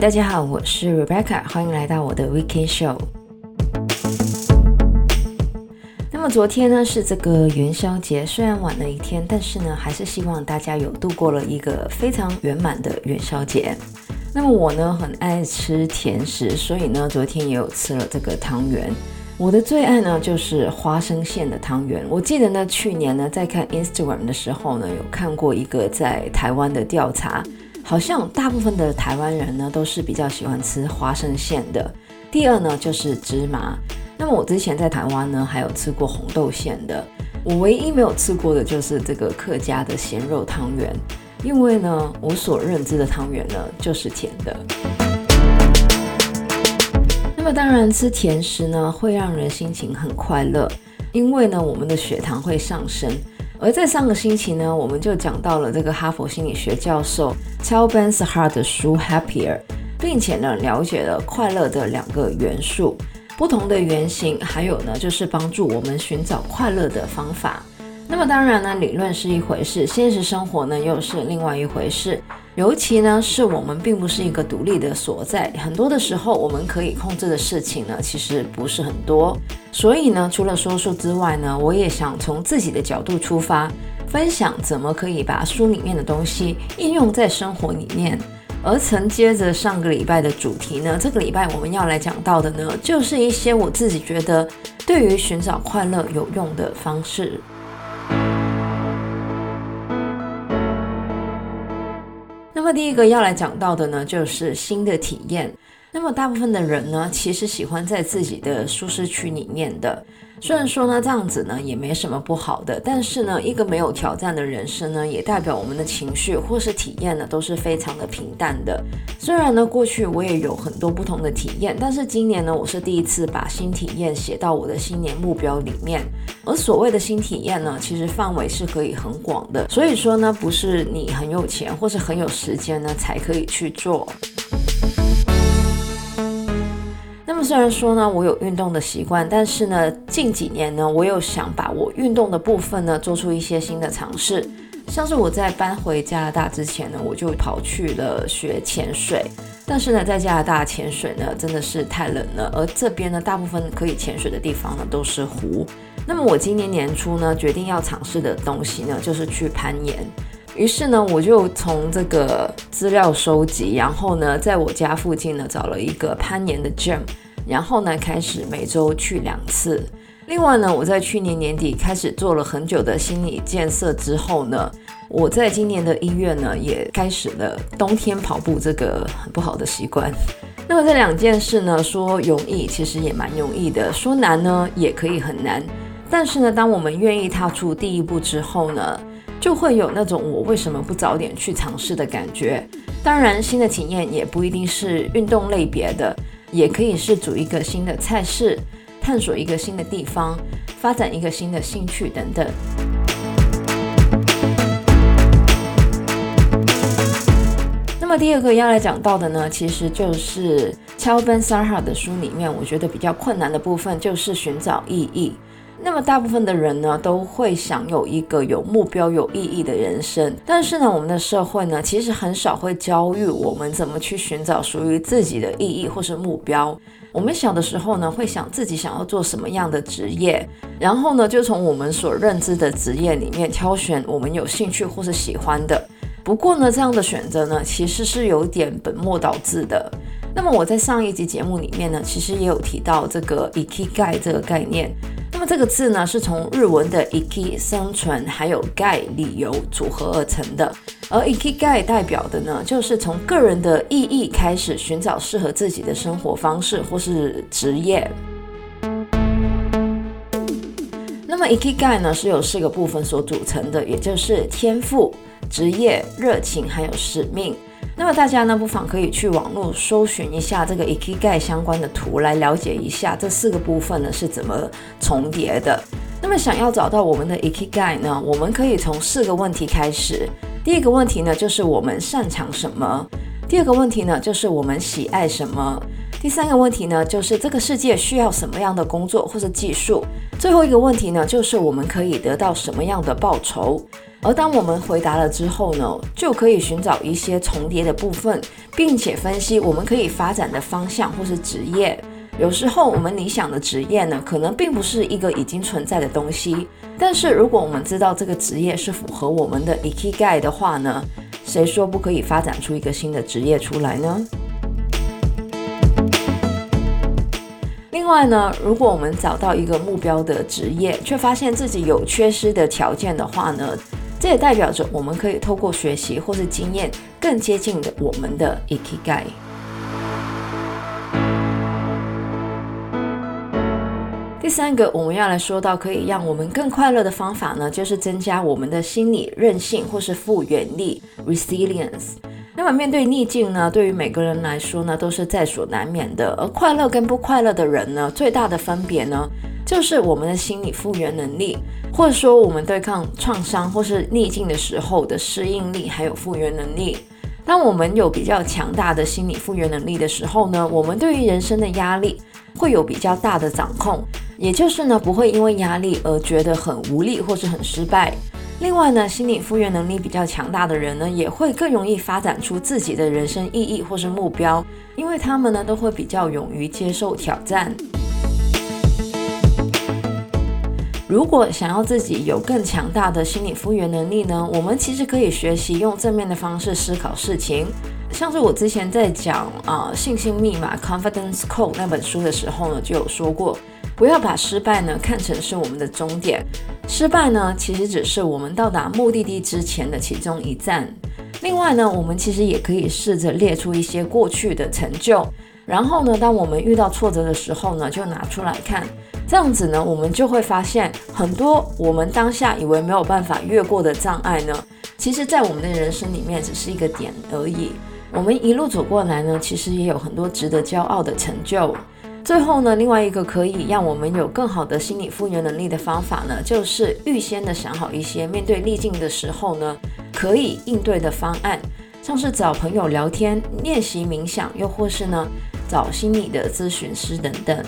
大家好，我是 Rebecca，歡迎來到我的 Weekend Show。那麼昨天呢是這個元宵節，雖然晚了一天，但是呢還是希望大家有度過了一個非常圓滿的元宵節。那麼我呢很愛吃甜食，所以呢昨天也有吃了這個湯圓。我的最愛呢就是花生餡的湯圓。我記得呢去年呢在看 Instagram 的時候呢有看過一個在台灣的調查。好像大部分的台灣人呢，都是比較喜歡吃花生餡的。第二呢，就是芝麻。那麼我之前在台灣呢，還有吃過紅豆餡的。我唯一沒有吃過的，就是這個客家的鹹肉湯圓。因為呢，我所認知的湯圓呢，就是甜的。 那麼當然，吃甜食呢，會讓人心情很快樂，因為呢，我們的血糖會上升。而在上個星期呢，我們就講到了這個哈佛心理學教授 c h 斯哈的書《Happier》，並且呢，了解了快樂的兩個元素，不同的原型，還有呢就是幫助我們尋找快樂的方法。那麼當然呢，理論是一回事，現實生活呢又是另外一回事。尤其呢，是我們並不是一個獨立的所在，很多的時候我們可以控制的事情呢，其實不是很多。所以呢，除了說書之外呢，我也想從自己的角度出發，分享怎麼可以把書裡面的東西應用在生活裡面。而承接着上個禮拜的主題呢，這個禮拜我們要來講到的呢，就是一些我自己覺得對於尋找快樂有用的方式。那第一個要來講到的呢，就是新的體驗。那麼大部分的人呢，其實喜歡在自己的舒適區裡面的。雖然說呢，這樣子呢也沒什麼不好的，但是呢，一個沒有挑戰的人生呢，也代表我們的情緒或是體驗呢，都是非常的平淡的。雖然呢，過去我也有很多不同的體驗，但是今年呢，我是第一次把新體驗寫到我的新年目標裡面。而所謂的新體驗呢，其實範圍是可以很廣的。所以說呢，不是你很有錢或是很有時間呢，才可以去做。那麼雖然說呢，我有運動的習慣，但是呢，近幾年呢，我有想把我運動的部分呢，做出一些新的嘗試。像是我在搬回加拿大之前呢，我就跑去了學潛水。但是呢，在加拿大潛水呢，真的是太冷了。而這邊呢，大部分可以潛水的地方呢，都是湖。那麼我今年年初呢，決定要嘗試的東西呢，就是去攀岩。於是呢，我就從這個資料收集，然後呢，在我家附近呢，找了一個攀岩的 gym 然後呢，開始每週去兩次。另外呢，我在去年年底開始做了很久的心理建設之後呢，我在今年的一月呢，也開始了冬天跑步這個很不好的習慣。那麼這兩件事呢，說容易其實也蠻容易的，說難呢也可以很難。但是呢，當我們願意踏出第一步之後呢，就會有那種我為什麼不早點去嘗試的感覺。當然，新的體驗也不一定是運動類別的。也可以是煮一個新的菜式，探索一個新的地方，發展一個新的興趣等等。 那麼第二個要來講到的呢，其實就是喬本薩哈的書裡面，我覺得比較困難的部分就是尋找意義。那麼，大部分的人呢，都會想有一個有目標、有意義的人生。但是呢，我們的社會呢，其實很少會教育我們怎麼去尋找屬於自己的意義或是目標。我們小的時候呢，會想自己想要做什麼樣的職業，然後呢，就從我們所認知的職業裡面挑選我們有興趣或是喜歡的。不過呢，這樣的選擇呢，其實是有點本末倒置的。那麼，我在上一集節目裡面呢，其實也有提到這個 ikigai 這個概念。那麼這個字呢，是從日文的 iki 生存、還有 gai 理由，組合而成的。而 ikigai 代表的呢，就是從個人的意義開始尋找適合自己的生活方式或是職業。那麼 ikigai 呢，是由四個部分所組成的，也就是天賦、職業、熱情還有使命。那麼大家呢，不妨可以去網絡搜尋一下這個 ikigai 相關的圖，來了解一下這四個部分呢，是怎麼重疊的。那麼想要找到我們的 ikigai 呢，我們可以從四個問題開始。第一個問題呢，就是我們擅長什麼；第二個問題呢，就是我們喜愛什麼；第三個問題呢，就是這個世界需要什麼樣的工作或是技術；最後一個問題呢，就是我們可以得到什麼樣的報酬。而當我們回答了之後呢，就可以尋找一些重疊的部分，並且分析我們可以發展的方向或是職業。有時候我們理想的職業呢，可能並不是一個已經存在的東西，但是如果我們知道這個職業是符合我們的 ikigai 的話呢，誰說不可以發展出一個新的職業出來呢？另外呢，如果我們找到一個目標的職業，卻發現自己有缺失的條件的話呢？這也代表着我們可以透過學習或是經驗，更接近的我們的 Ikigai。第三個我們要來說到可以讓我們更快樂的方法呢，就是增加我們的心理韌性或是復原力 （resilience）。那麼面對逆境呢，對於每個人來說呢，都是在所難免的。而快樂跟不快樂的人呢，最大的分別呢？就是我們的心理復原能力，或者說我們對抗創傷或是逆境的時候的適應力還有復原能力。當我們有比較強大的心理復原能力的時候呢，我們對於人生的壓力會有比較大的掌控，也就是呢，不會因為壓力而覺得很無力或是很失敗。另外呢，心理復原能力比較強大的人呢，也會更容易發展出自己的人生意義或是目標，因為他們呢都會比較勇於接受挑戰。如果想要自己有更強大的心理復原能力呢，我們其實可以學習用正面的方式思考事情。像是我之前在講啊、呃，信心密碼 Confidence Code 那本書的時候呢，就有說過，不要把失敗呢看成是我們的終點，失敗呢其實只是我們到達目的地之前的其中一站。另外呢，我們其實也可以試着列出一些過去的成就，然後呢，當我們遇到挫折的時候呢，就拿出來看。這樣子呢，我們就會發現很多我們當下以為沒有辦法越過的障礙呢，其實，在我們的人生裡面只是一個點而已。我們一路走過來呢，其實也有很多值得驕傲的成就。最後呢，另外一個可以讓我們有更好的心理復原能力的方法呢，就是預先的想好一些面對逆境的時候呢，可以應對的方案，像是找朋友聊天、練習冥想，又或是呢，找心理的諮詢師等等。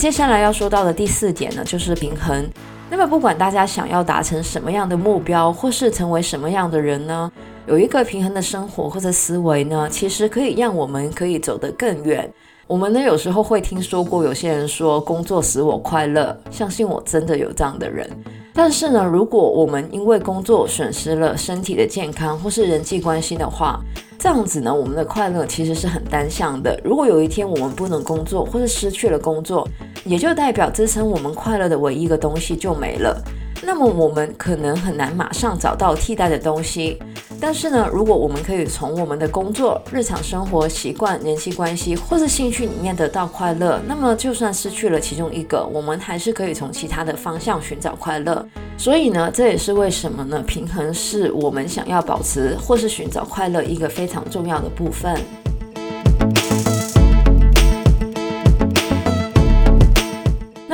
接下來要說到的第四點呢，就是平衡。那麼不管大家想要達成什麼樣的目標，或是成為什麼樣的人呢，有一個平衡的生活或者思維呢，其實可以讓我們可以走得更遠。我們呢，有時候會聽說過有些人說，工作使我快樂，相信我真的有這樣的人。但是呢，如果我們因為工作損失了身體的健康或是人際關係的話，這樣子呢，我們的快樂其實是很單向的。如果有一天我們不能工作，或是失去了工作，也就代表支撐我們快樂的唯一一個東西就沒了。那麼我們可能很難馬上找到替代的東西。但是呢，如果我們可以從我們的工作、日常生活習慣、人際關係或是興趣裡面得到快樂，那麼就算失去了其中一個，我們還是可以從其他的方向尋找快樂。所以呢，這也是為什麼呢，平衡是我們想要保持或是尋找快樂一個非常重要的部分。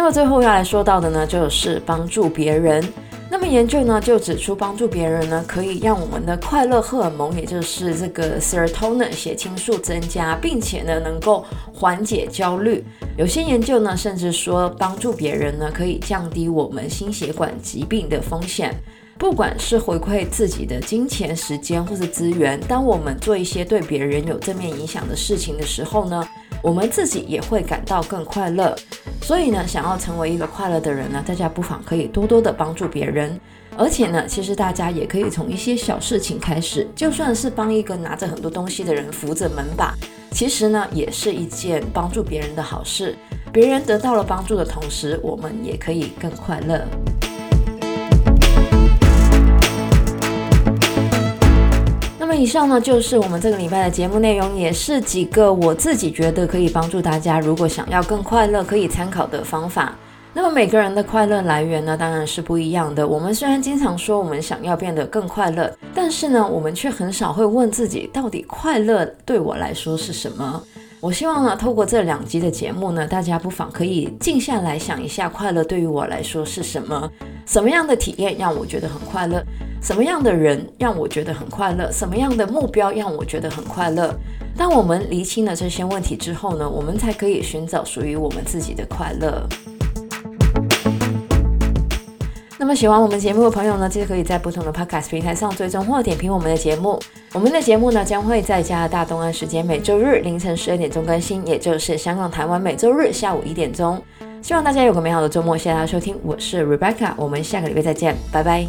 然後最後要來說到的呢，就是幫助別人。那麼研究呢，就指出幫助別人呢，可以讓我們的快樂荷爾蒙，也就是這個 serotonin 血清素增加，並且呢，能夠緩解焦慮。有些研究呢，甚至說幫助別人呢，可以降低我們心血管疾病的風險。不管是回饋自己的金錢、時間或是資源，當我們做一些對別人有正面影響的事情的時候呢，我們自己也會感到更快樂。所以呢，想要成為一個快樂的人呢，大家不妨可以多多的幫助別人。而且呢，其實大家也可以從一些小事情開始，就算是幫一個拿着很多東西的人扶着門把，其實呢，也是一件幫助別人的好事。別人得到了幫助的同時，我們也可以更快樂。那麼以上呢，就是我們這個禮拜的節目內容，也是幾個我自己覺得可以幫助大家，如果想要更快樂，可以參考的方法。那麼每個人的快樂來源呢，當然是不一樣的。我們雖然經常說我們想要變得更快樂，但是呢，我們卻很少會問自己，到底快樂對我來說是什麼？我希望呢，透過這兩集的節目呢，大家不妨可以靜下來想一下，快樂對於我來說是什麼？什麼樣的體驗讓我覺得很快樂？什麼樣的人讓我覺得很快樂？什麼樣的目標讓我覺得很快樂？當我們釐清了這些問題之後呢，我們才可以尋找屬於我們自己的快樂。嗯。那麼喜歡我們節目的朋友呢，就可以在不同的 podcast 平台上追蹤或者點評我們的節目。我們的節目呢，將會在加拿大東岸時間每週日凌晨十二點鐘更新，也就是香港、台灣每週日下午一點鐘。希望大家有個美好的週末，謝謝大家收聽，我是 Rebecca，我們下個禮拜再見，拜拜。